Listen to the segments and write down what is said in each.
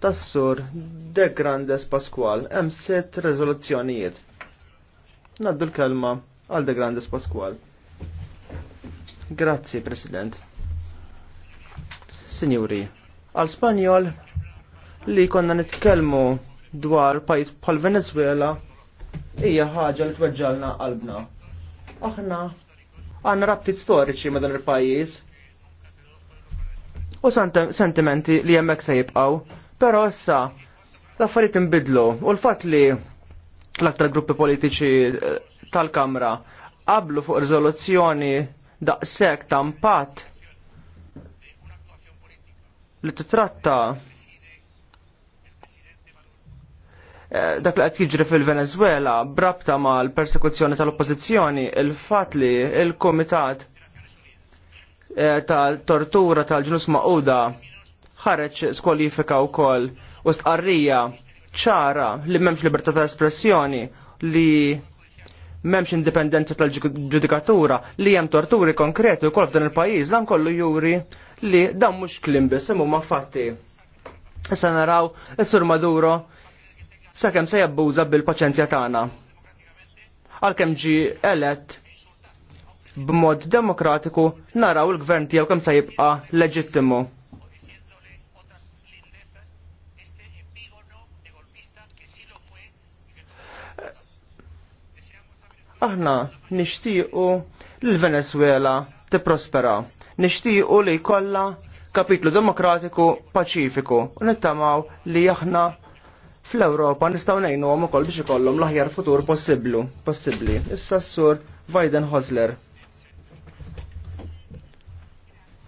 tas-sur De Grandes Pasqual hemm sitt rezoluzzjonijiet. Naddu l-kelma għal De Grandes Pasqual. Grazzi, President. Signori, għal Spanjol li konna nitkellmu dwar pajis bħal Venezuela hija ħaġa li tweġġalna qalbna. Aħna għandna rabtiet storiċi ma' dan il-pajjiż u sentimenti li hemmhekk se jibqgħu Però issa l-affarijiet inbidlu u l-fatt li l-aktar gruppi politiċi eh, tal-Kamra qablu fuq riżoluzzjoni daqshekk ta' impatt li titratta eh, dak li qed jiġri fil-Venezuela brabta mal persekuzzjoni tal-oppożizzjoni il-fatt li il-Kumitat eh, tal-Tortura tal-Ġnus Maquda ħareġ skwalifika wkoll u stqarrija ċara li m'hemmx libertà ta' espressjoni li m'hemmx indipendenza tal-ġudikatura li hemm torturi konkreti wkoll f'dan il pajiz dan kollu juri li dan mhux klim biss ma fatti. Issa naraw is-Sur Maduro sakemm se jabbuża bil-paċenzja tagħna. Għalkemm ġi elett b'mod demokratiku naraw il-gvern tiegħu kemm se jibqa' leġittimu. aħna nixtiequ l-Venezuela tipprospera. Nixtiequ li jkollha kapitlu demokratiku paċifiku u nittamaw li aħna fl-Ewropa nistgħu ngħinuhom ukoll biex ikollhom l-aħjar futur possiblu, possibbli. Issa s-sur Biden Hosler.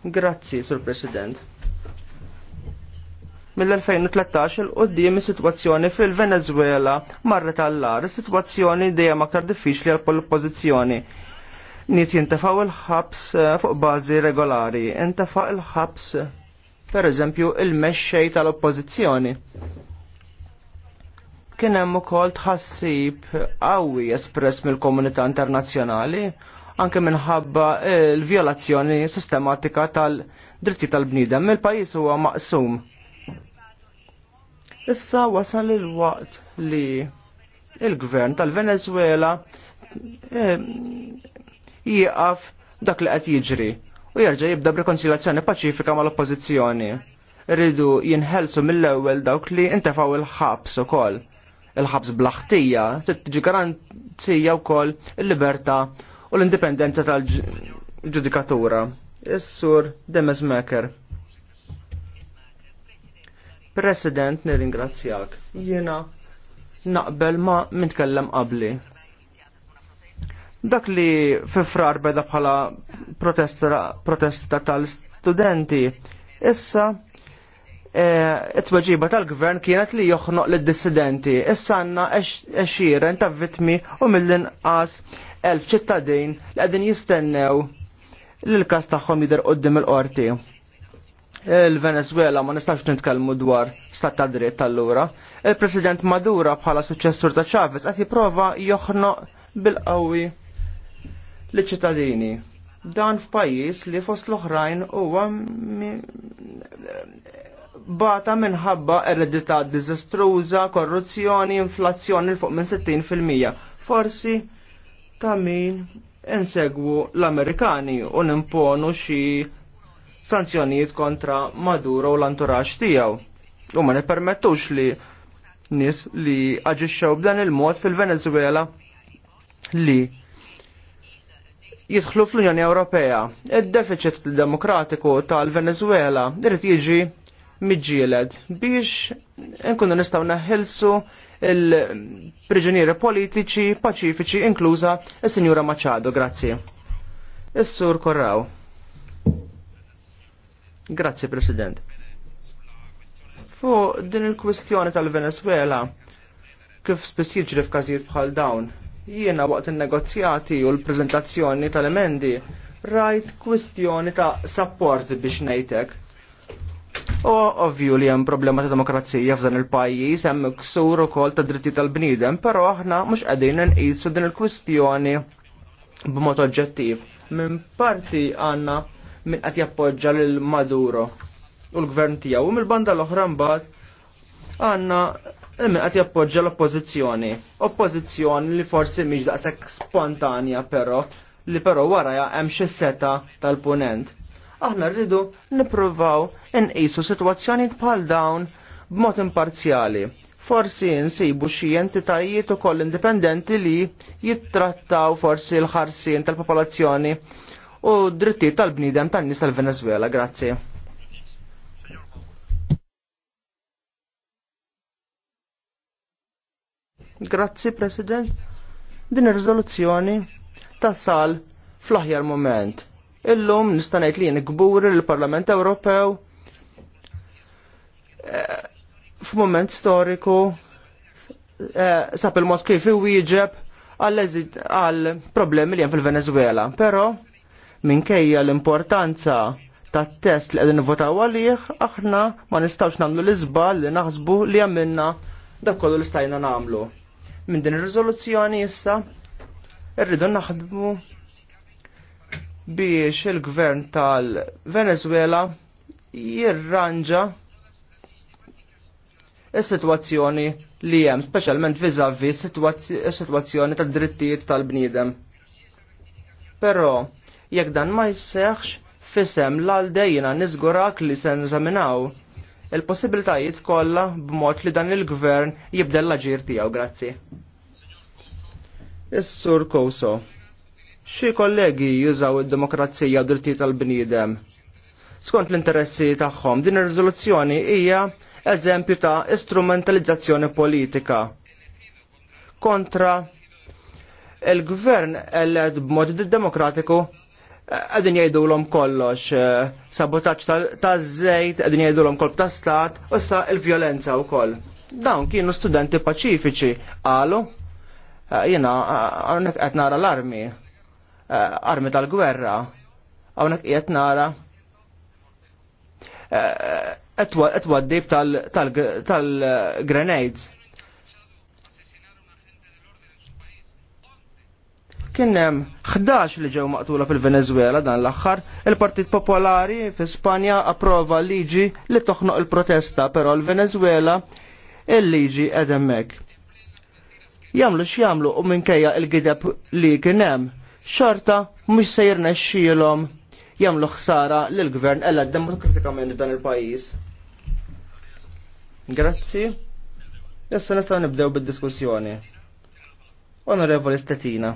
Grazzi, Sur President mill-2013 il-qoddim is-sitwazzjoni fil-Venezuela marret għallar, is-sitwazzjoni dejjem aktar diffiċli għal pozizjoni Nies jintafaw il-ħabs eh, fuq bażi regolari, jintafaw il-ħabs per eżempju il-mexxej tal-oppożizzjoni kien hemm ukoll tħassib qawwi espress mill-komunità internazzjonali anke minħabba l-vjolazzjoni sistematika tal-dritti tal-bniedem. mill pajjiż huwa maqsum Issa wasal il-waqt li il-gvern tal-Venezuela jieqaf dak li qed jiġri u jerġa' jibda b'rekonsiljazzjoni paċifika mal-oppożizzjoni. Rridu jinħelsu mill-ewwel dawk li intefaw il-ħabs ukoll. Il-ħabs blaħtija tiġi garanzija wkoll il-libertà u l-indipendenza tal-ġudikatura. Is-sur Demes Mecker. President, nirringrazzjak. Jiena naqbel ma mintkellem qabli. Dak li fifrar beda bħala protesta tal-studenti, issa e, it-tweġiba tal-gvern kienet li joħnoq lid dissidenti Issa għanna eċiren ta' vitmi u mill-inqas elf ċittadin li għedin jistennew l-kas taħħom jider qoddim il-qorti il-Venezuela ma nistax nitkellmu dwar stat ta' dritt lura Il-President Madura bħala suċessur ta' Chavez qed jipprova joħno bil-qawwi li ċittadini. Dan f'pajjiż li fost l-oħrajn huwa bata minħabba eredità diżastruża, korruzzjoni, inflazzjoni l fuq minn 60%. Forsi ta' min insegwu l-Amerikani u nimponu xi sanzjonijiet kontra Maduro u l-anturax tiegħu. U ma nipermettux li nis li aġixxew b'dan il-mod fil-Venezuela li jidħlu fl-Unjoni Ewropea. Id-deficit demokratiku tal-Venezuela irid jiġi miġġieled biex nkunu nistgħu neħilsu il-priġunieri politiċi paċifiċi inkluża s sinjura Machado, grazzi. Is-Sur Korraw. Grazzi, President. Fuq din il-kwistjoni tal-Venezuela, kif spess jiġri f'każijiet bħal dawn, jiena waqt il-negozjati u l-prezentazzjoni tal-emendi rajt kwistjoni ta' support biex nejtek. U ovvju li hemm problema ta' demokrazija f'dan il-pajjiż hemm ksur ukoll ta' dritti tal-bniedem, però aħna mhux qegħdin nqisu din il-kwistjoni b'mod oġġettiv. Minn parti għandna minn qed jappoġġa lil Maduro u l-gvern tiegħu u mill-banda l-oħra mbagħad għandna min qed jappoġġa l-oppożizzjoni. Oppożizzjoni li forsi mhix daqshekk spontanja però li però ja hemm xi seta tal-punent. Aħna rridu nippruvaw inqisu sitwazzjoni bħal dawn b'mod imparzjali forsi nsibu xi entitajiet ukoll indipendenti li jittrattaw forsi l-ħarsien tal-popolazzjoni u drittijiet tal bnidem tan-nies tal-Venezuela. Grazzi. Grazzi, President. Din ir-riżoluzzjoni tasal fl-aħjar moment. Illum nista' ngħid li jien kburi l-Parlament Ewropew eh, f'mument storiku eh, sab il-mod kif iwieġeb għal problemi li hemm fil-Venezuela. Però minkejja l-importanza tat test li għedin votaw għalih, aħna ma nistawx namlu l-izbal li naħsbu li għamilna dak kollu li stajna namlu. Minn din ir-riżoluzzjoni issa irridu naħdmu biex il-gvern tal-Venezuela jirranġa is-sitwazzjoni li hemm, speċjalment vizavi is-sitwazzjoni tad-drittijiet tal-bniedem. Però Jekk dan ma jisseħx, fisem l-għaldejna nizgurak li sen zaminaw il-possibiltajiet kollha b'mod li dan il-gvern jibdel l-ġir tiegħu grazzi. Is-Sur Koso. Xi kollegi jużaw id-demokrazija u drittijiet tal-bniedem. Skont l-interessi tagħhom din ir-riżoluzzjoni hija eżempju ta' istrumentalizzazzjoni politika kontra il-gvern eled b'mod demokratiku għadin jajdu l-om kollox, eh, sabotaċ tal zejt, għadin jajdu l-om kolb ta' stat, u sa' il-violenza u koll. Dawn kienu studenti paċifiċi, għalu, eh, jena, eh, għonek għetnara nara l-armi, armi tal-gwerra, għonek għetnara, għetwaddib tal-grenades. Kien hemm 11 li ġew maqtula fil-Venezuela dan l-aħħar, il-Partit Popolari fi Spanja approva liġi li toħnoq il-protesta, però l-Venezuela il-liġi edemmek. Jamlu x'jamlu u minkejja il-gideb li kien hemm, xorta mhux se jirnexxielhom jagħmlu ħsara lill gvern ella demokratikament dan il-pajjiż. Grazzi. Issa nistgħu nibdew bid-diskussjoni. Onorevoli Stetina.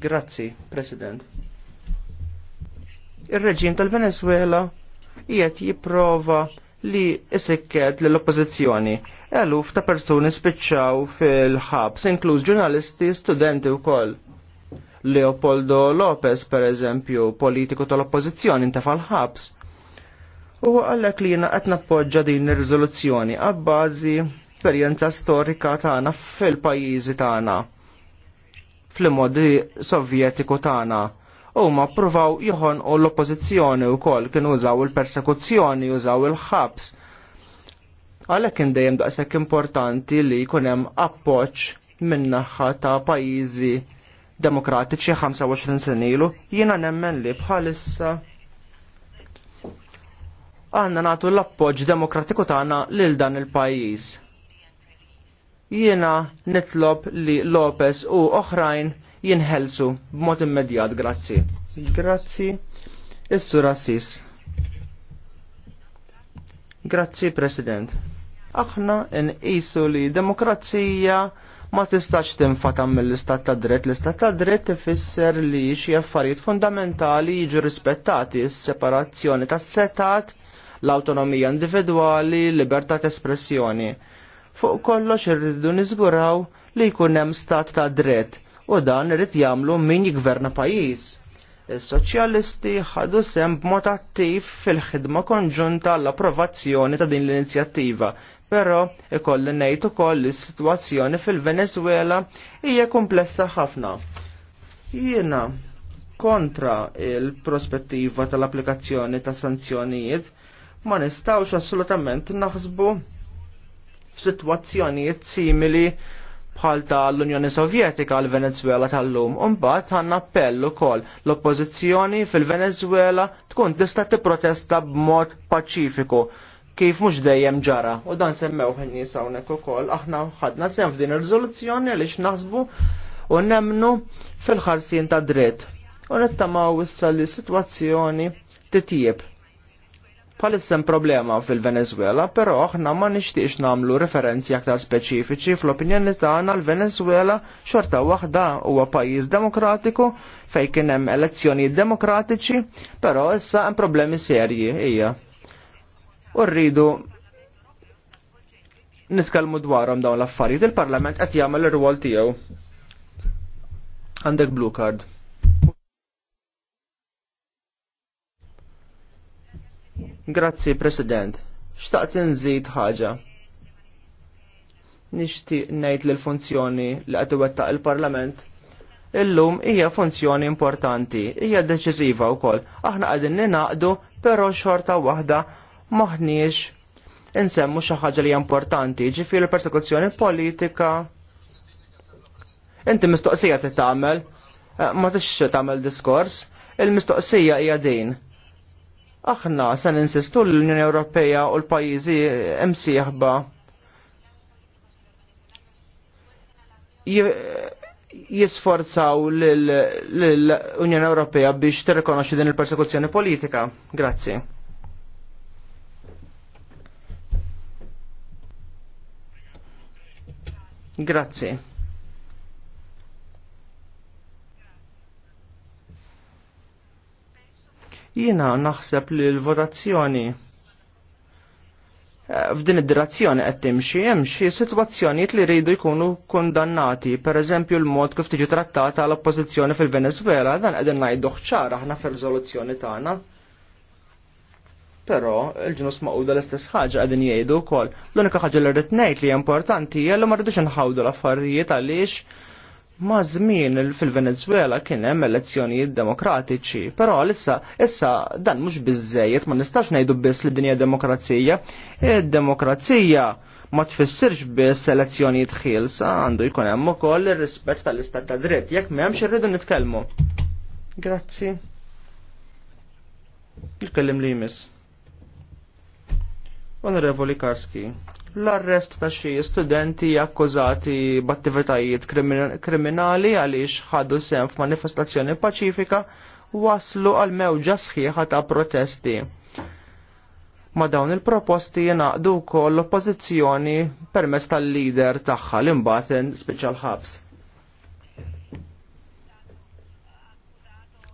Grazzi, President. Ir-reġim tal-Venezuela qiegħed jipprova li isekket l-oppozizjoni. Eluf ta' persuni spiċċaw fil-ħabs, inkluż ġurnalisti, studenti u koll. Leopoldo Lopez, per eżempju, politiku tal-oppozizjoni, intefal ħabs. U għallek li jina għetna poġġa din ir-rizoluzzjoni għabbażi esperjenza storika tagħna fil-pajjiżi tagħna fl-modi sovjetiku tagħna. Huma ppruvaw jħon u l-oppożizzjoni wkoll kienu użaw il-persekuzzjoni, użaw il-ħabs. Għalhekk kien dejjem daqshekk importanti li jkun hemm appoġġ min ta' pajjiżi demokratiċi 25 sen ilu, jiena nemmen li bħalissa għanna nagħtu l-appoġġ demokratiku tagħna lil dan il-pajjiż jiena nitlob li Lopez u oħrajn jinħelsu b'mod immedjat, grazzi. Grazzi, issu rassis. Grazzi, President. Aħna nqisu li demokrazija ma tistax tinfatam mill-istat ta' dritt. L-istat ta' dritt ifisser li xi affarijiet fundamentali jiġu rispettati, s-separazzjoni tas setat l-autonomija individwali, libertà ta' espressjoni Fuq kollox irridu niżguraw li jkun hemm stat ta' dritt u dan irid jagħmlu min jigverna pajjiż. Is-soċjalisti ħadu sem b'mod attiv fil-ħidma konġunta l-approvazzjoni ta' din l-inizjattiva, però ikolli ngħid ukoll li s-sitwazzjoni fil-Venezuela hija komplessa ħafna. Jiena kontra il-prospettiva tal-applikazzjoni ta' sanzjonijiet ma nistawx assolutament naħsbu situazzjonijiet simili bħal l unjoni Sovjetika għal Venezuela tal-lum. Umbat għanna appellu kol l-oppożizzjoni fil-Venezuela tkun tista' tipprotesta b'mod paċifiku kif mhux dejjem ġara u dan semmew ħin hawnhekk ukoll aħna ħadna sem f'din ir-riżoluzzjoni għaliex naħsbu u nemnu fil-ħarsien ta' dritt. U nittamaw issa li situazzjoni titjieb. Palissem problema fil-Venezuela, però aħna ma nixtiex namlu referenzi aktar speċifiċi fl-opinjoni tagħna l-Venezuela xorta waħda huwa pajjiż demokratiku fejn kien hemm elezzjoni demokratiċi, però issa hemm problemi serji hija. U rridu nitkellmu dwarhom dawn l-affarijiet, il-Parlament qed jagħmel ir-rwol tiegħu. Għandek blue card. Grazzi, President. Xtaqt nżid ħaġa. Nixtieq ngħid li l-funzjoni li qed iwettaq il-Parlament illum hija funzjoni importanti, hija deċiżiva wkoll. Aħna qegħdin ninaqdu, però xorta waħda maħniex insemmu xi ħaġa li hija importanti, ġifieri persekuzzjoni politika. Inti mistoqsija tagħmel, eh, ma tix tagħmel diskors, il-mistoqsija hija din Aħna se ninsistu l-Unjoni Ewropea u l-pajjiżi hemm sieħba jisforzaw l-Unjoni Ewropea biex tirrikonoxxi din il-persekuzzjoni politika. Grazzi. Grazzi. Jiena naħseb li l-votazzjoni eh, f'din id-direzzjoni qed timxi hemm xi sitwazzjonijiet li jridu jkunu kundannati, pereżempju l-mod kif tiġi trattata l oppożizzjoni fil-Venezuela, dan qegħdin ngħidu ħċar aħna fir-riżoluzzjoni tagħna. Però il-ġnus maquda l-istess ħaġa qegħdin jgħidu wkoll. L-unika ħaġa li rrid ngħid li hija importanti hija li ma rridux inħawdu l-affarijiet għaliex Ma' żmien fil-Venezuela kien hemm elezzjonijiet demokratiċi, però issa issa dan mhux biżejjed ma nistax ngħidu biss li dinja demokrazija. Id-demokrazija ma tfissirx biss elezzjonijiet ħielsa għandu jkun hemm ukoll ir-rispett tal-istat ta' dritt jekk m'hemmx irridu nitkellmu. Grazzi. Il-kellim li jmiss. Onorevoli Karski l-arrest ta' xi studenti akkużati b'attivitajiet kriminali għaliex ħadu sem f'manifestazzjoni paċifika waslu għal mewġa sħiħa ta' protesti. Ma dawn il-proposti jenaqdu wkoll l-oppożizzjoni permezz tal-lider tagħha l-imbaten speċjal ħabs.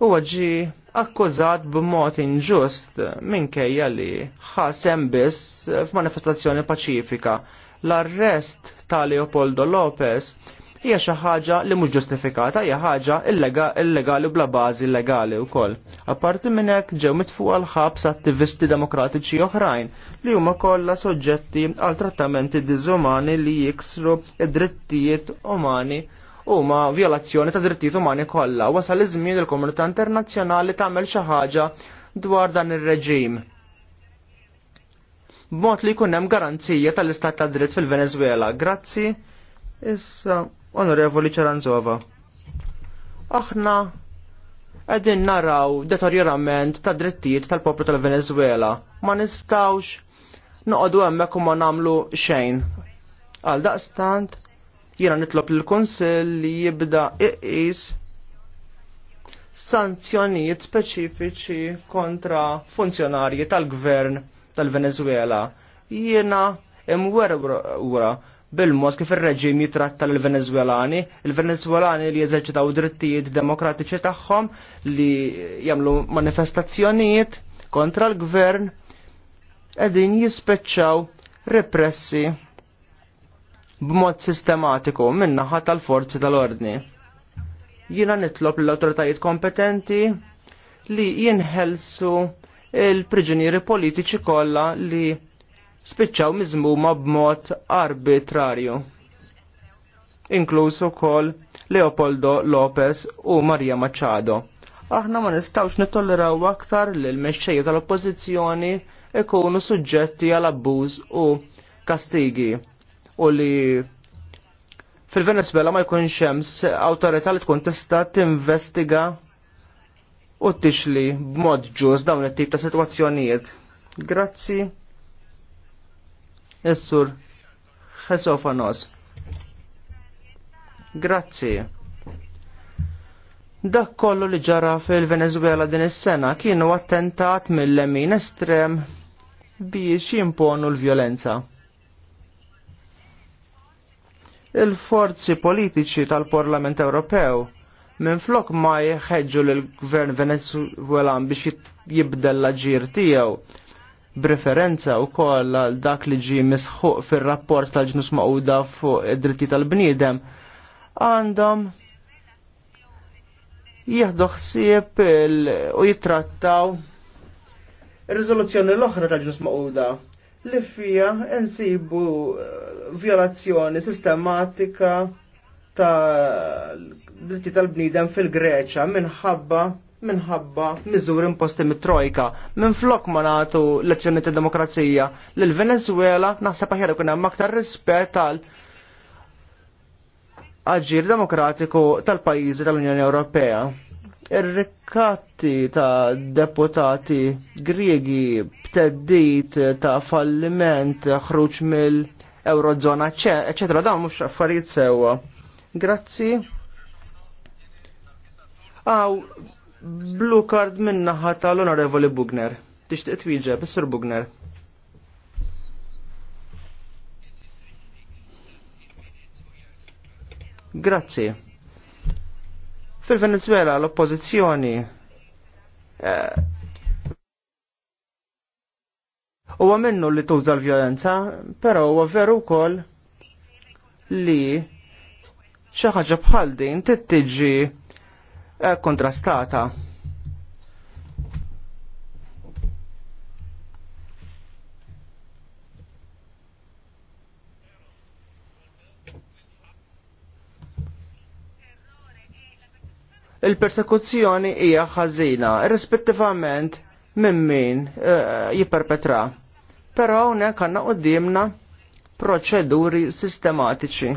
huwa ġi akkużat b'mod inġust minkejja li ħasem biss f'manifestazzjoni paċifika. L-arrest ta' Leopoldo Lopez hija xi ħaġa li mhux ġustifikata, hija ħaġa illegali bla bażi illegali wkoll. Apparti minn hekk ġew mitfuq għal ħabs attivisti demokratiċi oħrajn li huma kollha soġġetti għal trattamenti diżumani li jiksru id-drittijiet umani huma violazzjoni ta' drittijiet umani kollha. Wasal iż-żmien il-komunità internazzjonali tagħmel xi ħaġa dwar dan ir-reġim. B'mod li jkun hemm garanzija tal-istat ta' dritt fil-Venezuela. Grazzi. Issa, onorevoli Ceranzova. Aħna qegħdin naraw deterjorament ta' drittijiet tal-poplu tal-Venezuela. Ma nistawx noqogħdu hemmhekk u ma nagħmlu xejn. Għal daqstant, Jiena nitlob lill-Kunsill li jibda iqis sanzjonijiet speċifiċi kontra funzjonarji tal-gvern tal-Venezuela. Jiena imwerwra bil-mod kif ir-reġim jitratta l-Venezuelani, il-Venezuelani li jeżerċitaw drittijiet demokratiċi tagħhom li jagħmlu manifestazzjonijiet kontra l-gvern qegħdin jispeċċaw repressi b'mod sistematiku min-naħa tal-forzi tal-ordni. Jiena nitlob l awtoritajiet kompetenti li jinħelsu il-priġunieri politiċi kollha li spiċċaw miżmuma b'mod arbitrarju. Inkluż kol Leopoldo Lopez u Maria Machado. Aħna ma nistawx nittolleraw aktar li l-mexxejja tal-oppożizzjoni ikunu suġġetti għal abbuż u kastigi u li fil-Venezuela ma jkunx xems awtorità li tkun tista' tinvestiga u tixli b'mod ġus dawn it-tip ta' sitwazzjonijiet. Grazzi. Essur Hesofanos. Grazzi. Dak kollu li ġara fil-Venezuela din is-sena kienu attentat mill-lemin estrem biex jimponu l-vjolenza il-forzi politiċi tal-Parlament Ewropew minn flok ma jħedġu l-gvern venezuelan biex jibdel l-ġir tijaw preferenza u koll għal dak li ġi misħuq fil-rapport tal-ġnus maquda fuq id-dritti tal-bniedem għandhom jieħdu ħsieb u jittrattaw ir-riżoluzzjoni l-oħra tal-ġnus maquda li fija insibu violazzjoni sistematika ta' dritti tal-bnidem fil-Greċa minħabba minħabba miżur imposti mit-trojka. Minn flok ma nagħtu lezzjoni ta' demokrazija lil Venezuela naħseb aħjar ikun hemm aktar rispett għal aġir demokratiku tal-pajjiżi tal-Unjoni Ewropea. Ir-rikkatti ta' deputati Griegi bteddit ta' falliment ħruġ mill- Eurozona, eccetera, dawn mhux affarijiet sewwa. Grazzi. Aw, blue card ħata l onorevoli Bugner. Tixtieq twieġeb, bissur Bugner. Grazzi. Fil-Venezuela l-oppozizjoni eh, U minnu li tuża l-vjolenza, però huwa veru wkoll li xi ħaġa bħal din tittiġi eh, kontrastata. il-persekuzzjoni hija ħażina, irrispettivament minn min eh, jipperpetra. Però hawnhekk għandna qudiemna proċeduri sistematiċi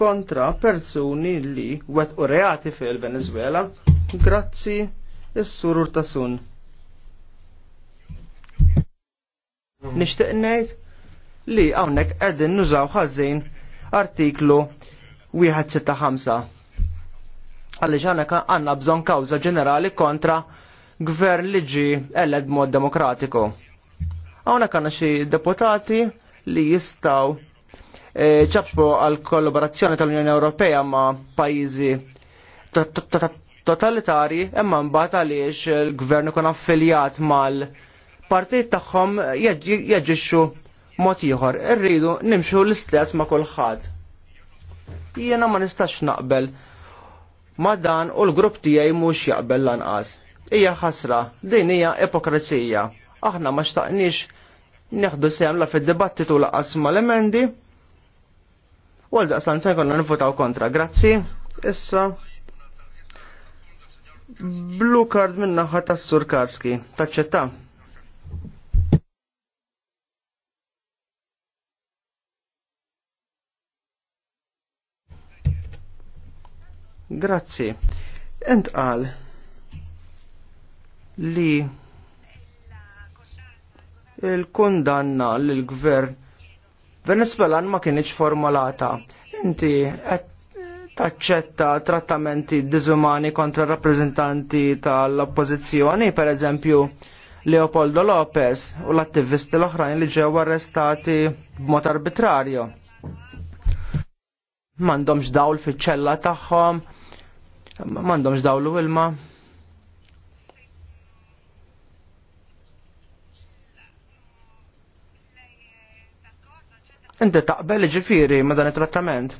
kontra persuni li wet u reati fil-Venezuela. Grazzi, s sur Urtasun. Nishtiq ngħid li hawnhekk qegħdin nużaw ħażin artiklu 165. Għaliex għandna għandna bżonn kawża ġenerali kontra gvern li ġie eled mod demokratiku. Għawna kanna xi deputati li jistaw eh, ċabxbu għal kollaborazzjoni tal-Unjoni Ewropea ma' pajizi totalitari imma mbagħad għaliex il-gvern ikun affiljat mal-partit tagħhom jaġixxu mod ieħor. Irridu nimxu l-istess ma' kulħadd. Jiena ma nistax naqbel ma' dan u l-grupp tiegħi mhux jaqbel lanqas. Hija ħasra, din hija ipokrazija. Aħna ma xtaqniex neħdu semla fil-dibattitu laqqas mal-emendi u għal daqsan se jkollna nivvotaw kontra. Grazzi, issa blue card minna ħata s surkarski taċċetta. Grazzi. Ent qal li il-kundanna l-gvern Venezuelan ma kienieċ formalata. Inti qed taċċetta trattamenti diżumani kontra rappreżentanti tal-oppożizzjoni, per eżempju Leopoldo Lopez u l-attivisti l-oħrajn li ġew arrestati b'mod arbitrarju. M'għandhomx dawl fiċ-ċella tagħhom, m'għandhomx dawl u ilma. Inti taqbel ġifiri ma dan it-trattament.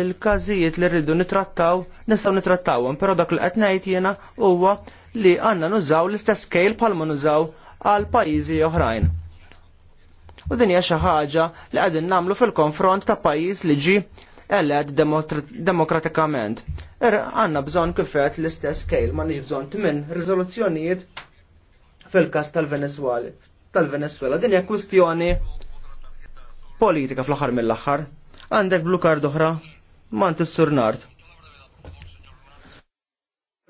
il-każijiet li rridu nitrattaw, nistgħu nitrattawhom, però dak li qed ngħid jiena huwa li għandna nużaw l-istess scale ma nużaw għal pajjiżi oħrajn. U din hija xi ħaġa li qegħdin nagħmlu fil-konfront ta' pajjiż li ġi eled demokratikament. Er għandna bżonn kif l-istess scale, ma nix bżonn tmien riżoluzzjonijiet fil-kas tal-Venezuela. Tal-Venezuela din hija kwistjoni politika fl-aħħar mill-aħħar. Għandek blu kard oħra mant is-Surnard.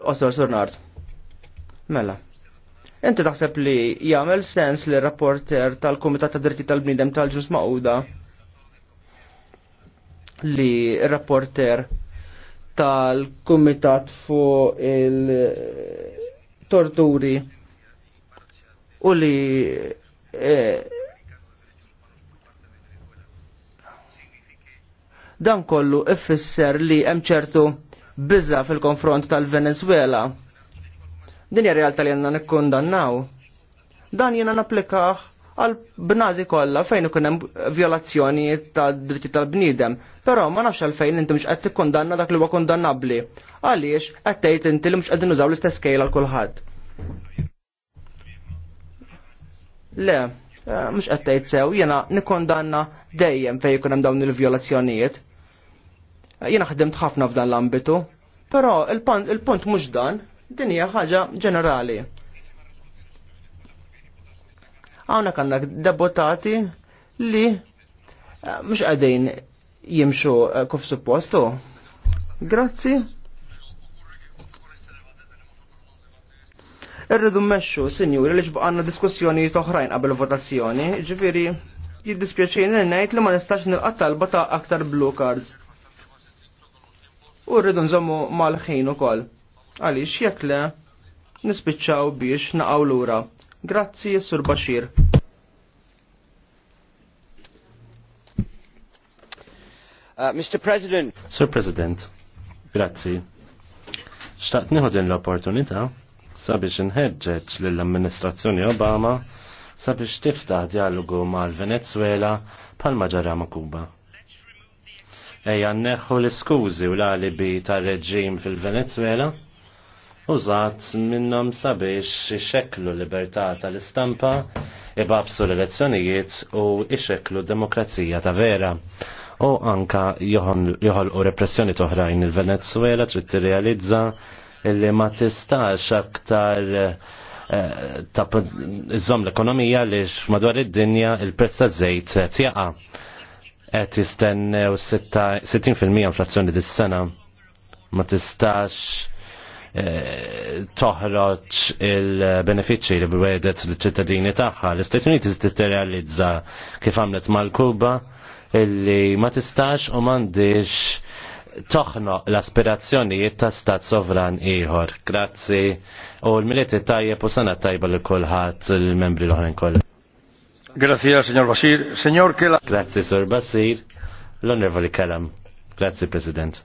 Ostor Surnard. Mela. Inti taħseb li jagħmel sens li rapporter tal-Kumitat ta' Dritti tal-Bniedem tal-Ġus Maquda li rapporter tal-Kumitat fuq il-Torturi u li e, dan kollu ifisser li hemm ċertu biża fil-konfront tal-Venezuela. Din hija realtà li għandna nikkundannaw. Dan jiena napplikah għal bnadi kollha fejn ikun hemm violazzjoni ta' dritti tal-bniedem, però ma nafx għal fejn inti mhux qed tikkundanna dak li huwa kundannabbli. Għaliex qed tgħid inti li mhux qegħdin nużaw l-istess skejl għal kulħadd. Le, eh, mux għattajt sew, jena nikondanna dejjem fej kunem dawn il-violazzjonijiet. Eh, jena ħdimt ħafna f'dan l-ambitu, pero il-punt mux dan, din hija ħaġa ġenerali. Għawna kanna deputati li eh, mux għadin jimxu kuf suppostu. Grazzi. rridu mmexxu, sinjuri, li ġbqanna diskussjoni oħrajn qabel votazzjoni, ġifieri jiddispjaċini ngħid li ma nistax nilqa' talba ta' aktar blue cards. U rridu nżommu mal-ħin ukoll. Għaliex jekk le nispiċċaw biex naqgħu lura. Grazzi, Sur Bashir. Uh, Mr. President. Sir President, grazzi. Xtaqt nieħu din l-opportunità sabiex inħeġġeġ lill-amministrazzjoni Obama sabiex tiftaħ dialogu mal-Venezuela pal maġara ma' Kuba. Ejja neħħu l-iskużi u l-alibi tar-reġim fil-Venezuela zaħt minnom sabiex ixeklu libertà tal-istampa ibabsu l-elezzjonijiet u ixeklu demokrazija ta' vera. U anka joħolqu repressjoni toħrajn il-Venezuela trid tirrealizza realizza illi ma tistax aktar eh, tap iżom l-ekonomija li madwar id-dinja il-prezz ta' żejt tjaqa qed jistennew 60% inflazzjoni dis-sena. Ma tistax eh, toħroġ il-benefiċċji li bwedet l-ċittadini tagħha. L-Istati Uniti tirrealizza kif għamlet mal-Kuba illi ma tistax u m'għandix toħno l-aspirazzjonijiet ta' stat sovran ieħor. Grazzi u l-milieti tajjeb u sanat tajba l kulħadd il-membri l ħorin kollha. Grazzi, signor Basir. Signor Kela. Grazzi, Sir Basir. L-onorevoli Kalam. Grazzi, President.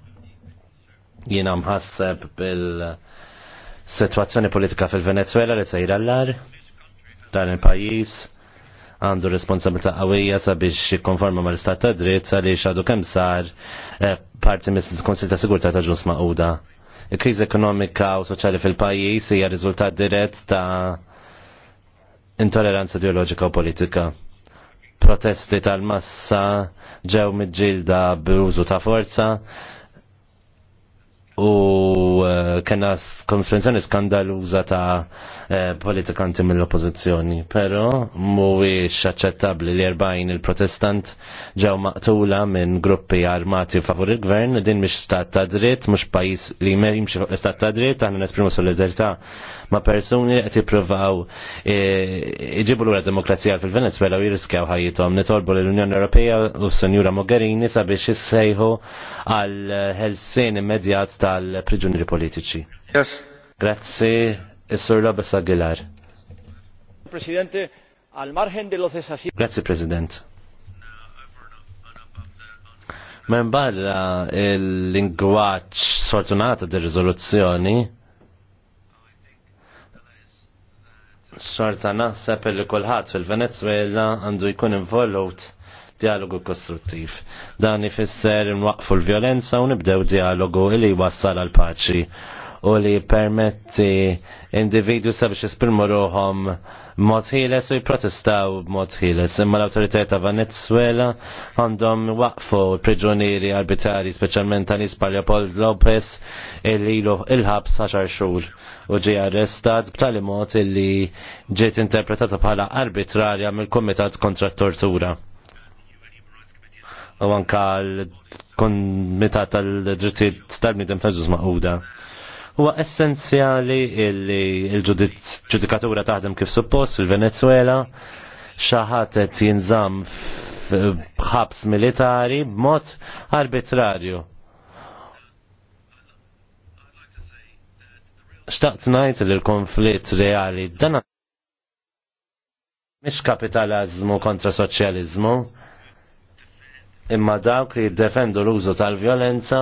Jiena mħasseb bil-situazzjoni politika fil-Venezuela li sejra l ar dan il-pajis għandu responsabilità qawwija sabiex jikkonforma mal-istat ta' dritt għaliex għadu kemm sar eh, parti mis-Konsil ta' Sigurtà ta' Ġus Maquda. Il-kriżi ekonomika u soċjali fil-pajjiż hija riżultat dirett ta' intoleranza ideoloġika u politika. Protesti tal-massa ġew mid-ġilda b'użu ta' forza, u eh, kena konspensjoni skandaluza ta' eh, politikanti mill-oppozizjoni. Pero mhuwiex aċċettabbli li erbajn il-protestant ġew maqtula minn gruppi armati favur il-gvern, din mhix stat ta' dritt, mhux pajjiż li jimxi stat ta' dritt, aħna nesprimu solidarità ma' persuni qed jippruvaw eh, iġibu lura demokrazija fil-Venezuela u jirriskjaw ħajjithom. Nitolbu l-Unjoni Ewropea u s-Senjura Mogherini sabiex issejħu għal ħelsien immedjat ta' tal prigjoniri politiċi. Yes. Grazzi, Sir Robes Aguilar. Presidente, al margen de los desastres. Grazie, President. Men barra il-lingwaċ sfortunata di rizoluzzjoni, sorta naħseb li kulħadd fil-Venezuela għandu jkun involut dialogu kostruttiv. Dan ifisser nwaqfu l-violenza u nibdew dialogu li wassal għal paċi u li permetti individu sabiex jespirmu ruħom mod ħieles u jiprotestaw mod ħieles. Imma l-autoritet ta' Venezuela għandhom waqfu priġunieri arbitrari, speċjalment ta' ispa Leopold Lopez, illi ilu il-ħabs 10 xhur u ġie arrestat b'tali mod illi ġiet interpretata bħala arbitrarja mill-Kumitat kontra t Tortura u anka l-komitat tal-drittijiet tal-bnidem tal maħuda. maquda. Huwa essenzjali li l-ġudikatura taħdem kif suppost fil-Venezuela xaħat qed jinżamm bħabs militari b'mod arbitrarju. Xtaqt ngħid li l-konflitt reali dan mhix kapitalizmu kontra soċjaliżmu, imma dawk li jiddefendu l-użu tal-violenza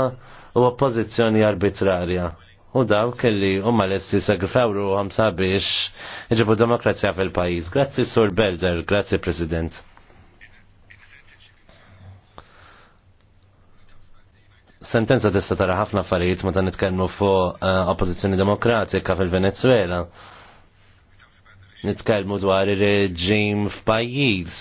u oppożizzjoni arbitrarja. U dawk li huma essi sagrifew għam sabiex iġibu demokrazija fil-pajjiż. Grazzi Sur Belder, grazzi President. Sentenza tista' tara ħafna affarijiet meta nitkellmu fuq uh, oppożizzjoni demokratika fil-Venezuela. Nitkellmu dwar ir-reġim f'pajjiż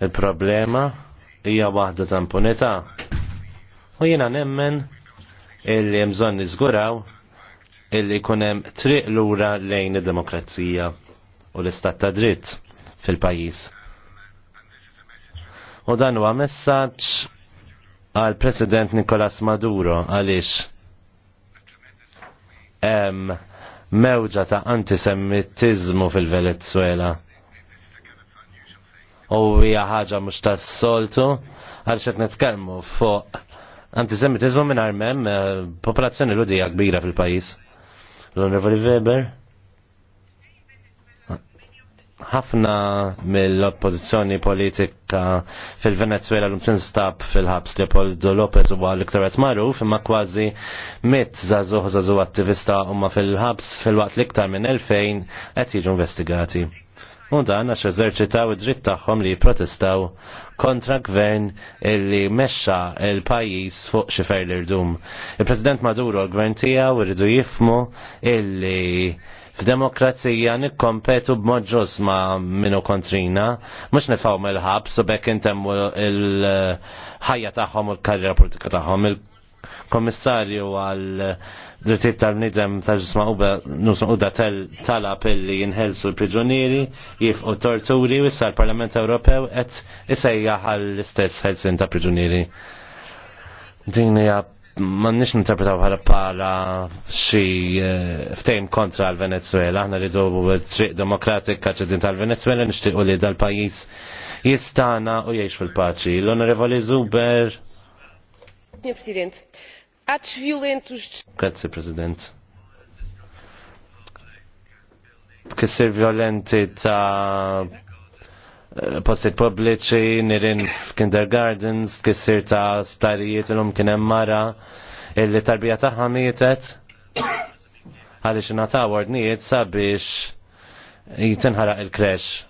Il-problema hija waħda ta' impunità. U jiena nemmen illi bżonn niżguraw illi jkun hemm triq lura lejn id-demokrazija u l-istat ta' dritt fil-pajjiż. U dan huwa messaġġ għal President Nicolas Maduro għaliex hemm mewġa ta' antisemitizmu fil-Venezuela u hija ħaġa mhux tas-soltu għal xed nitkellmu fuq antisemitizmu minn armem eh, popolazzjoni ludija kbira fil-pajjiż. L-Onorevoli Weber ħafna mill-oppozizjoni politika fil-Venezuela l tinstab fil-ħabs Leopoldo Lopez u għal-iktar maruf imma kważi mit zazuħ zazuħ attivista umma fil-ħabs fil-waqt l-iktar minn 2000 qed jiġu investigati u dan għax eżerċitaw id-dritt tagħhom li jipprotestaw kontra gvern illi mexxa il-pajjiż fuq xi l-irdum. Il-President Maduro l-gvern tiegħu rridu jifmu illi f'demokrazija nikkompetu b'mod ġus ma' minu kontrina, mux netfaw mill-ħabs u bekk intemmu il-ħajja tagħhom u l-karriera politika tagħhom komissarju għal drittijiet tal-nidem ta' ġisma nusma uda talab illi jinħelsu l-priġunieri, jifqu torturi u issa l-Parlament Ewropew qed isejjaħ l istess ħelsin ta' priġunieri. Din hija m'għandniex ninterpretaw bħala pala xi eh, ftejm kontra l-Venezuela, aħna rridu triq demokratika ċedin tal-Venezuela nixtiequ li dal-pajjiż jistana u jgħix fil-paċi. L-Onorevoli Zuber Signor Grazie, President. Tkissir violenti ta' eh, postit pubbliċi, nirin f'kindergardens, tkissir ta' starijiet l-um kienem mara, illi e tarbija taħħa mietet, għalix nata' għordnijiet sabiex jitinħaraq il-kresh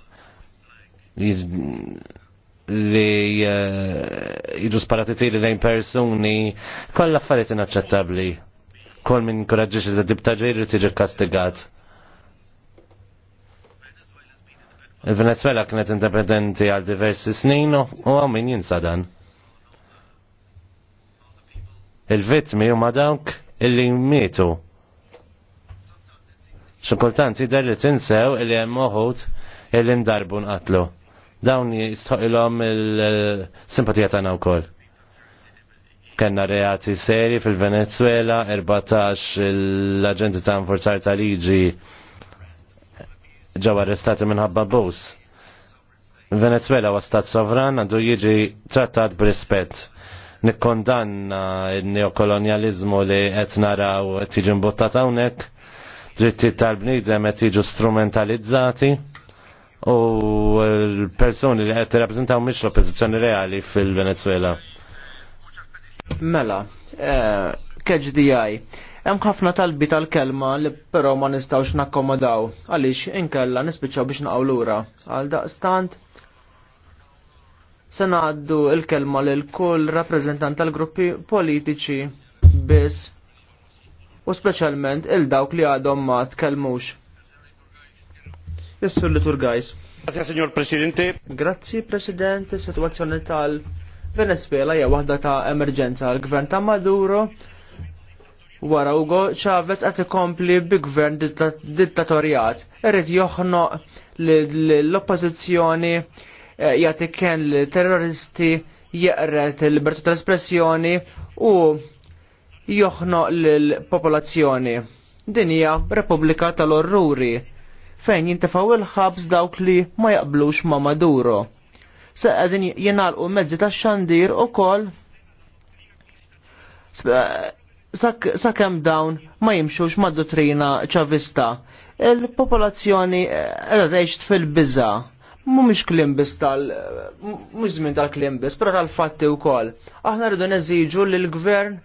li eh, jiġu sparati tiri lejn persuni koll affarijiet inaċċettabbli. Kol minn koraġġiex li dib taġir li tiġi kastigat. Il-Venezuela kienet indipendenti għal diversi snin u għaw min jinsa dan. Il-vitmi huma dawk illi mietu. Xukultant jider li tinsew illi hemm moħut illi ndarbu nqatlu dawn jistħuqilom il-simpatija tagħna wkoll. Kenna reati seri fil-Venezuela, 14 l-aġenti ta' forzar ta' liġi ġew arrestati minħabba bus. Venezuela huwa stat sovran għandu jiġi trattat b'rispett. Nikkondanna n-neokolonializmu li qed naraw qed jiġi mbuttat hawnhekk, dritti tal-bniedem qed jiġu strumentalizzati u l-personi li għed rappresentaw mhix l-oppożizzjoni reali fil-Venezuela. Mela, eh, KGDI, hemm ħafna talbi tal-kelma li però ma nistgħux nakkomodaw għaliex inkella nispiċċaw biex naqgħu lura għal daqstant se ngħaddu l-kelma lil kull rappreżentant tal-gruppi politiċi biss u speċjalment il dawk li għadhom ma tkellmux. Is-Sur Litur Gajs. Grazie, Signor Presidente. Grazzi, Presidente. Situazione tal-Venezuela hija waħda ta' emerġenza. L-Gvern ta' Maduro wara Hugo Chavez qed ikompli bi gvern dittatorjat. Irid joħnoq l-oppożizzjoni eh, jagħti kien l-terroristi jeqret il-libertà tal-espressjoni u joħnoq l-popolazzjoni. Dinja Repubblika tal-Orruri fejn jintefaw il-ħabs dawk li ma jaqblux ma' Maduro. Se jenal jingħalqu mezzi tax-xandir ukoll sakemm sak dawn ma jimxux mad dottrina ċavista. Il-popolazzjoni qiegħda tgħix fil-biża' mumiex klimbis tal, mux zmin tal-klimbis, pra tal-fatti u kol. Aħna rridu neżiġu li l-gvern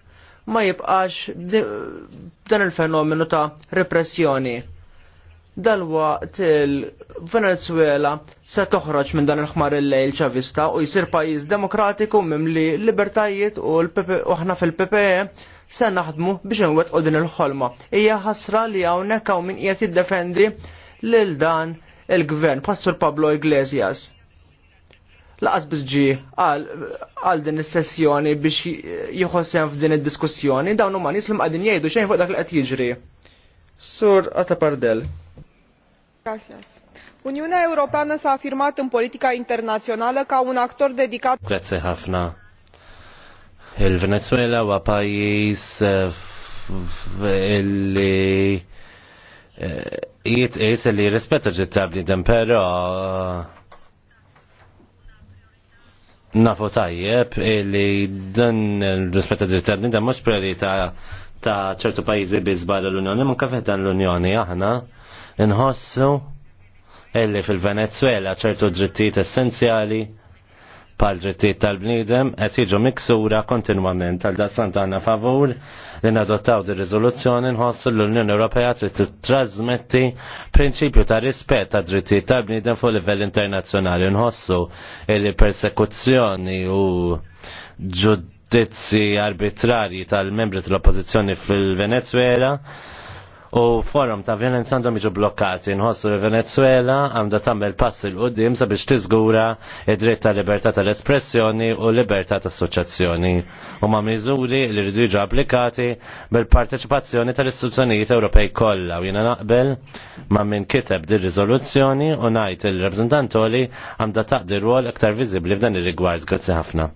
ma jibqax dan il-fenomenu ta' repressjoni. Dalwa il-Venezuela se toħroġ minn dan il-ħmar il-lejl ċavista u jisir pajjiż demokratiku mimli libertajiet u l-ħna fil-PPE se naħdmu biex u din il-ħolma. Ija ħasra li hawnhekk hawn min qiegħed jiddefendi lil dan il-gvern Pastor Pablo Iglesias laqas bizġi għal din is-sessjoni biex jħossem f'din id-diskussjoni dawn huma nies li mqegħdin jgħidu xejn fuq dak li qed jiġri. Sur Atapardel. Uniunea Europeană s-a afirmat în politica internațională ca un actor dedicat. Grazie Hafna. Il-Venezuela va huwa pajjiż eh, illi eh, jitqis li rispetta ġittabli dem però eh, nafu tajjeb illi dan rispetta ġittabli dem mhux priorità ta' ċertu pajjiżi biżbar l-Unjoni, mun kafet dan l-Unjoni aħna Inħossu illi fil-Venezuela ċertu drittijiet essenzjali pal drittijiet tal-bnidem qed jiġu miksura kontinwament għal dasant għandna favur li nadottaw di riżoluzzjoni nħossu l-Unjoni Ewropea trid titrasmetti prinċipju ta' rispett ta' drittijiet tal-bniedem fuq livell internazzjonali nħossu illi persekuzzjoni u ġudizzi arbitrarji tal-membri tal-oppożizzjoni fil-Venezuela u forum ta' violenza għandhom iġu blokkati. Nħossu li Venezuela għandha tagħmel pass il qudiem sabiex tiżgura id-dritt ta' libertà tal-espressjoni u libertà ta' assoċjazzjoni u ma' miżuri li rridu jiġu applikati bil-parteċipazzjoni tal-istituzzjonijiet Ewropej kollha u jiena naqbel ma' min kiteb din riżoluzzjoni u ngħid il-reprezentantoli għandha taqdi rwol aktar viżibbli f'dan ir-rigward. Grazzi ħafna.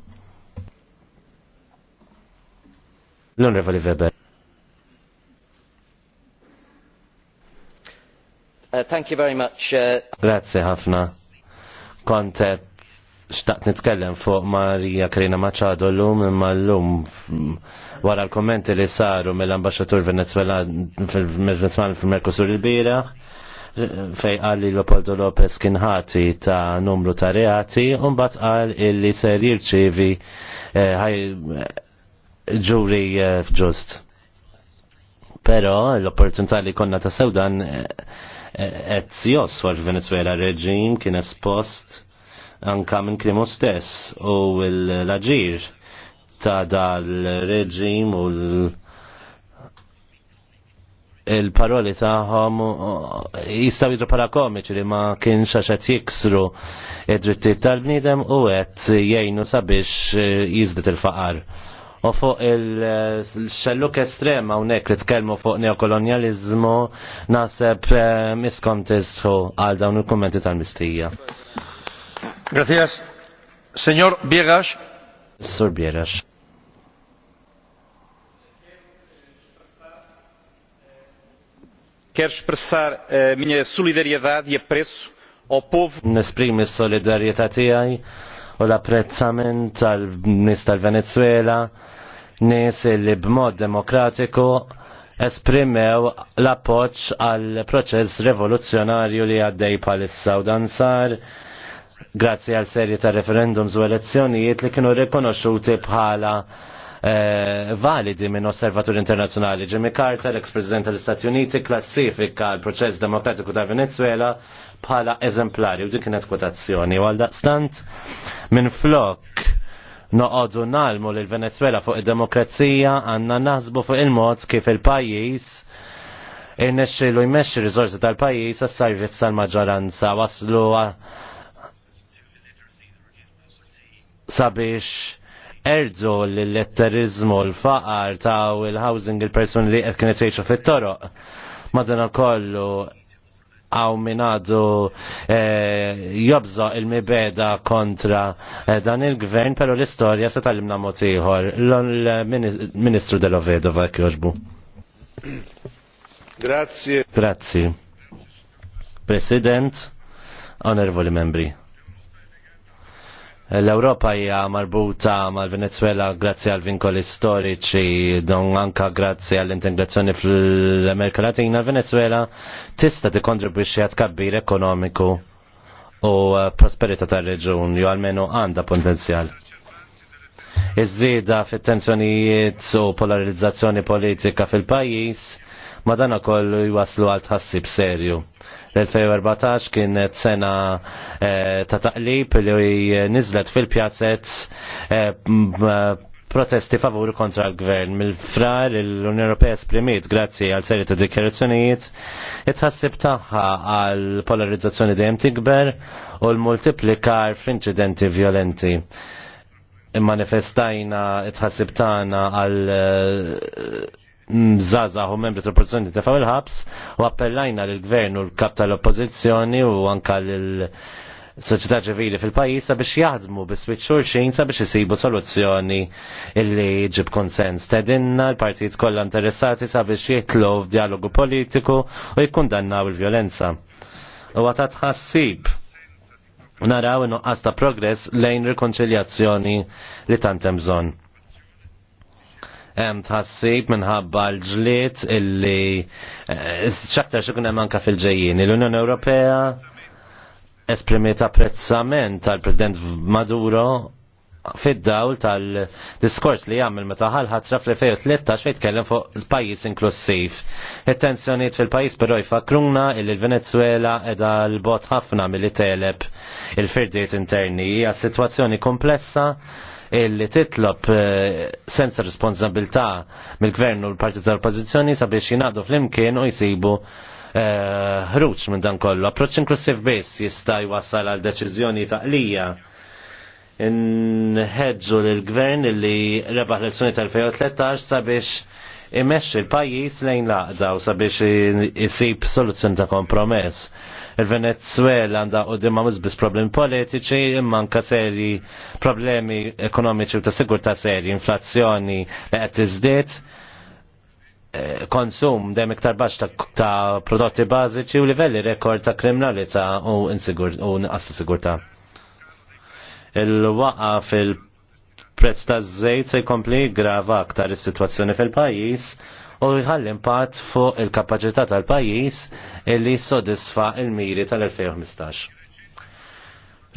L-Onorevoli Weber. Uh, thank you very much. Uh... Grazie ħafna. Kont eh, xtaqt nitkellem fuq Marija Karina Machado llum imma llum mm, wara l-kommenti li saru mill ambaxxatur Venezuelan fil-Merkosur il fejn fej għalli Leopoldo Lopez kien ħati ta' numru ta' reati un bat għal illi ser jirċivi eh, eh, ġuri ġust. Pero l-opportunità li konna ta' sewdan qed joswa Venezuela reġim kien espost anka minn krimu stess u l-aġir ta' dal-reġim u l- il-paroli taħħom jistaw jidru para komiċi li ma kienx għaxet jiksru id-drittijiet tal-bnidem u għet jgħinu sabiex jizdet il-faqar u fuq eh, il-xelluk estrem hawnhekk li t-kelmu fuq neokolonializmu naħseb eh, miskontestu għal dawn il kommenti tal-mistija. Grazias. Senjor Biegax. Sur Biegax. Quero expressar a eh, minha solidariedade e apreço ao povo. Nesprimi solidarietà tiegħi u l-apprezzament tal-nis tal-Venezuela, nis li b'mod demokratiku esprimew l-appoċ għal proċess revoluzzjonarju li għaddej palissa u dan sar grazzi għal serje ta' referendums u elezzjonijiet li kienu rekonosciuti bħala eh, validi minn osservatur internazzjonali. Jimmy Carter, ex-president tal-Istati Uniti, klassifika l-proċess demokratiku ta' Venezuela bħala eżemplari u dik kienet kwotazzjoni u għaldaqstant minn flok noqogħdu nalmu lil Venezuela fuq id-demokrazija għandna naħsbu fuq il-mod kif il-pajjiż irnexxielu jmexxi riżorsi tal-pajjiż għas-sajriet l maġġoranza waslu sabiex erdu l-letterizmu, l-faqar ta' il-housing il-person li qed kienet jgħixu fit-toroq. Madonna kollu għaw minadu eh, jobza il-mibeda kontra eh, dan il-gvern, pero l-istoria se tal-imna motiħor, l-ministru dell vajk joġbu. Grazie. Grazie. President, onorevoli membri. L-Europa hija marbuta mal-Venezuela grazzi għal vinkoli storiċi, don anka grazzi għall integrazzjoni fl-Amerika Latina, Venezuela tista' tikkontribwixxi għat kabbir ekonomiku u eh, prosperità tar-reġun, jew almenu għandha potenzjal. Iż-żieda fit-tensjonijiet u polarizzazzjoni politika fil-pajjiż ma dana kollu jwaslu għal tħassib serju. L-2014 kienet sena eh, ta' taqlib li nizlet fil-pjazzet eh, eh, protesti favuri kontra l-gvern. Mill-frar l-Unjoni Ewropea esprimiet grazzi għal seri ta' dikjarazzjonijiet, it-ħassib tagħha għal polarizzazzjoni dejjem tikber u l-multiplikar f'inċidenti violenti. Manifestajna it-ħassib tagħna għal mżaza u membri tal opposizjoni tefaw il-ħabs u appellajna lill-gvern u l-kap tal-oppożizzjoni u anka l soċjetà ċivili fil pajis sabiex jaħdmu bi switch xulxin sabiex isibu soluzzjoni illi jġib konsens. Tedinna l-partijiet kollha interessati sabiex jitlu f'dialogu politiku u jikkundannaw il-vjolenza. U għata tħassib naraw inqas ta' progress lejn rikonċiljazzjoni li tant hemm bżonn hemm tħassib minħabba l-ġlied illi eh, x'aktar xukun hemm anke fil-ġejjin. L-Unjoni Ewropea esprimiet apprezzament tal-President Maduro fid-dawl tal-diskors li jagħmel meta ħalħatra fl-2013 fejn tkellem fuq pajjiż inklusiv. It-tensjonijiet fil-pajjiż però jfakruna l venezuela edha l-bot ħafna milli teleb il-firdiet interni hija sitwazzjoni komplessa illi titlob eh, senza responsabilità mill-gvern u l-partit tal-oppozizjoni sabiex jingħadu flimkien u jsibu eh, ħruġ minn dan kollu. Approċċ inklusiv biss jista' jwassal għal deċiżjoni taqlija inħeġġu l-gvern illi rebaħ l-elezzjoni tal-2013 sabiex imexxi l-pajjiż lejn laqda u sabiex jisib soluzzjoni ta' kompromess. Il-Venezuela għandha u dimma biss problemi politiċi imma anke seri problemi ekonomiċi u ta' sigurtà seri, inflazzjoni li qed iżdied eh, konsum dem iktar baċ ta', prodotti bażiċi u livelli rekord ta' kriminalità u insigur u nqas sigurtà. Il-waqa fil prezz ta' żejt se jkompli grava aktar is-sitwazzjoni fil-pajjiż u jħall impatt fuq il-kapaċità tal-pajjiż illi sodisfa il-miri tal-2015.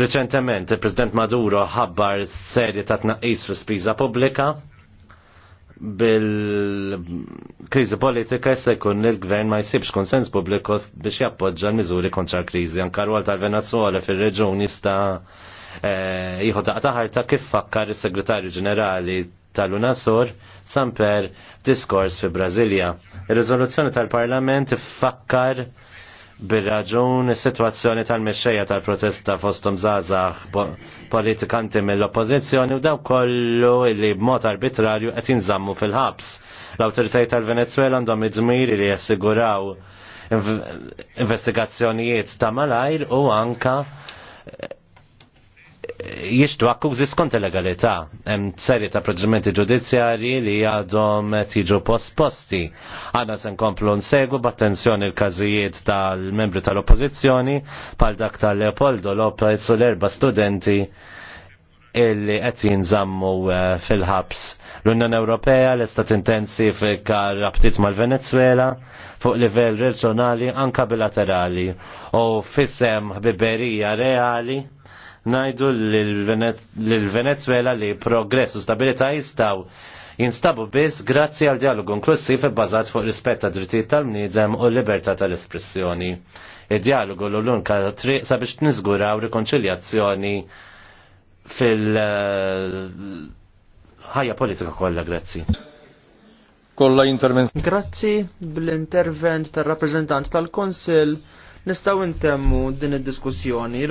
Reċentement, il-President Maduro ħabbar serje ta' tnaqqis fl spiża pubblika bil-krizi politika se jkun il-gvern ma jsibx konsens pubbliku biex jappoġġa l-miżuri kontra l-krizi. Ankarwal tal-Venezuela fil-reġun jista' jieħu eh, daqtaħar ta' kif fakkar is-Segretarju Ġenerali tal unasur samper diskors fi Brazilja. Ir-riżoluzzjoni tal-Parlament fakkar bir-raġun is-sitwazzjoni tal-mexxejja tal-protesta fostom zazax politikanti mill-oppożizzjoni u daw kollu li b'mod arbitrarju qed jinżammu fil-ħabs. L-awtoritajiet tal-Venezuela għandhom id-dmir li jassiguraw investigazzjonijiet ta' malajr u anka jishtu akkużi skont il-legalità. Hemm serje ta' proġimenti ġudizzjarji li għadhom tiġu post-posti. Għana se nkomplu nsegu b'attenzjoni l-każijiet tal-membri tal-Oppożizzjoni bħal dak tal Leopoldo Lopez u l-erba' studenti illi qed jinżammu eh, fil-ħabs. L-Unjoni Ewropea l-istat intensifika rabtiet mal-Venezuela fuq livell reġjonali anka bilaterali u fissem ħbiberija reali najdu l-Venezuela li progress u stabilita jistaw jinstabu biss grazzi għal dialogu inklusiv bbażat fuq rispett ta' drittijiet tal-bniedem u l-libertà tal-espressjoni. Id-dialogu l l-unka triq sabiex niżguraw rikonċiljazzjoni fil- ħajja politika kollha, grazzi. Kolla intervent. Grazzi bl-intervent tal rappresentant tal-Konsil nistaw intemmu din id-diskussjoni.